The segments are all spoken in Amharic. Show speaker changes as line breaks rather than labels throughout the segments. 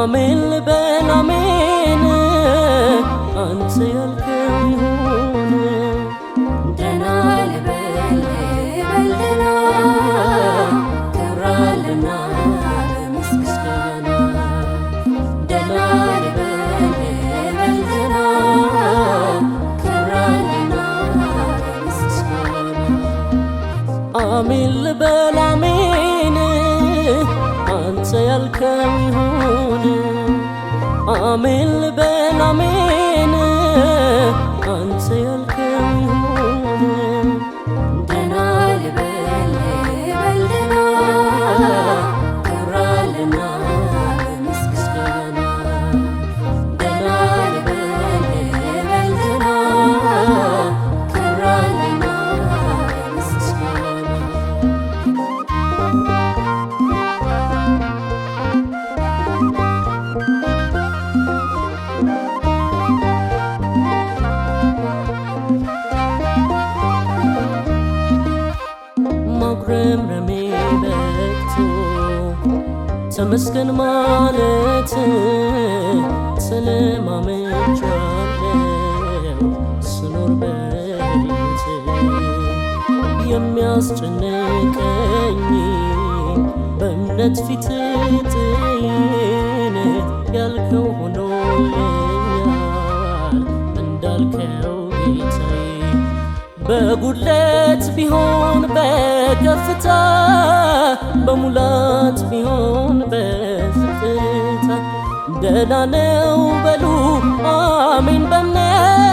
I'm in the አሜን ልበን አሜን አንተ ያልከ
ተመስገን ማለት ስለማመቻለው ስኖር በሕይወት የሚያስጨንቀኝ በእምነት ፊት ጥይን ያልከው ሆኖልኛል እንዳልከው ቤት በጉድለት ቢሆን በከፍታ በሙላት ቢሆን በዝቅታ ደህና ነው በሉ አሜን በእምነት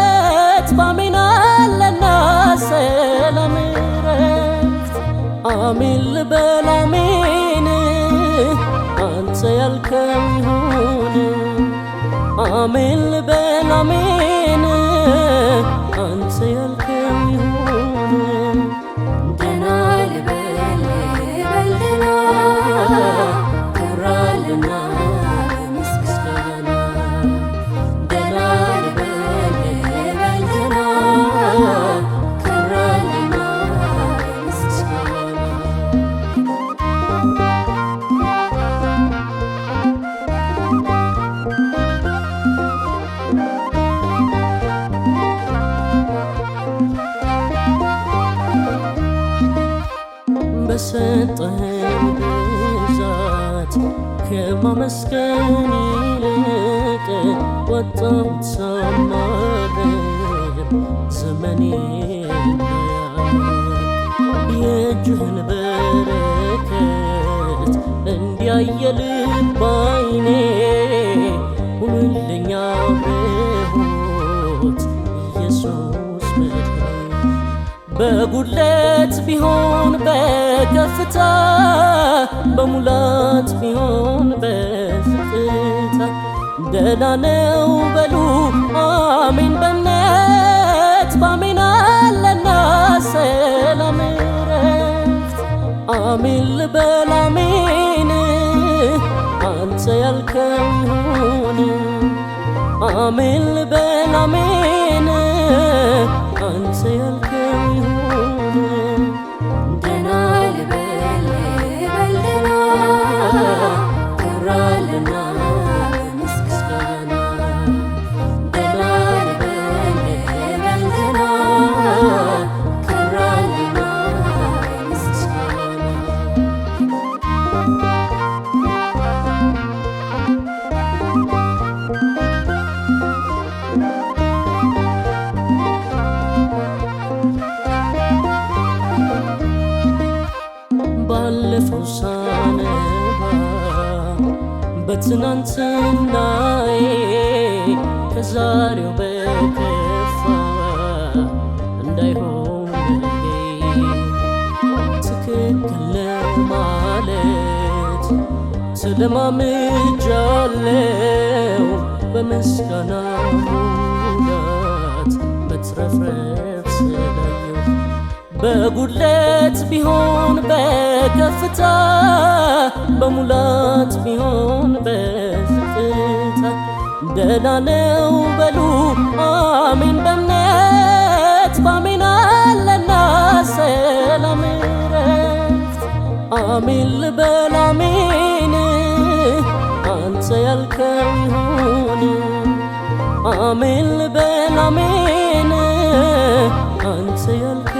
በሰጠኸው ብዛት ከማመስገን ይልቅ ወጣሁት ሳማረር ዘመኔ የእጅህን በረከት እንዲያየል ባይኔ ሁኑልኛ ርሆት ኢየሱስ በጉድለት ቢሆን ከፍታ በሙላት ቢሆን በዝምታ ደህና ነው በሉ አሜን በእምነት በአሜን አለና ሰላም እረፍት አሜን ልበል አሜን አንተ ያልከው ይሁን አሜን ልበል አሜን
ባለፈው ሳነባ በትናንትናዬ ከዛሬው በቀ ተለማምጃለው በምስጋና ሙላት መትረፍረፍ ስላየው በጉለት ቢሆን በከፍታ በሙላት ቢሆን በፍጥታ ደህና ነው በሉ አሜን በእምነት በአሜን አለና ሰላም ረፍት አሜን ልበል አሜን እንዳልከው ይሁን። አሜን ልበል አሜን አንተ ያልከው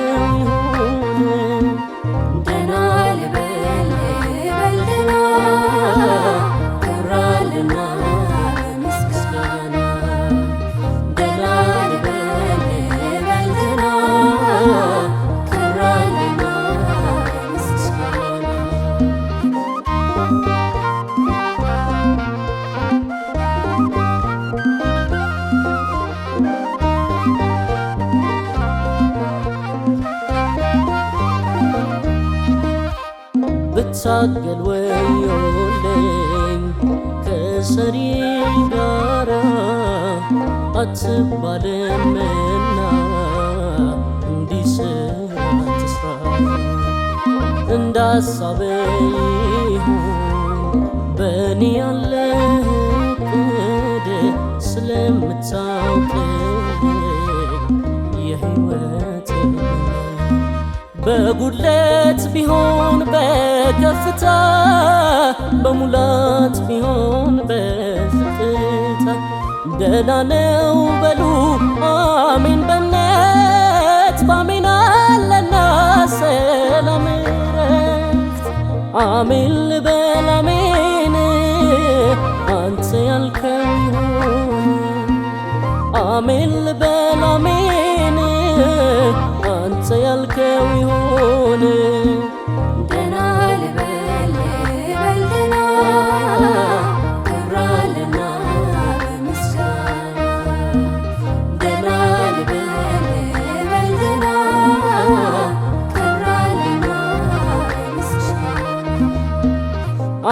ሳገል ወዮልኝ ከሰሪ ጋራ አትባልምና እንዲስራ ትስራ እንዳሳበ ይሁን በእኔ ያለ እቅድ ስለምታውቅ በጉድለት ቢሆን በከፍታ በሙላት ቢሆን በዝቅታ ደህና ነው በሉ አሜን በነት በአሜን አለና ሰላም ረፍት አሜን ልበል አሜን አንተ ያልከው ይሆን አሜን ልበል አሜን አንተ ያልከው ይሆን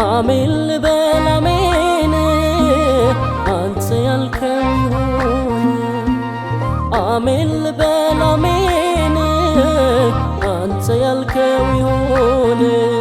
አሜን ልበል አሜን አንተ ያልከው ይሆን አሜን ልበል አሜን አንተ ያልከው ሆነ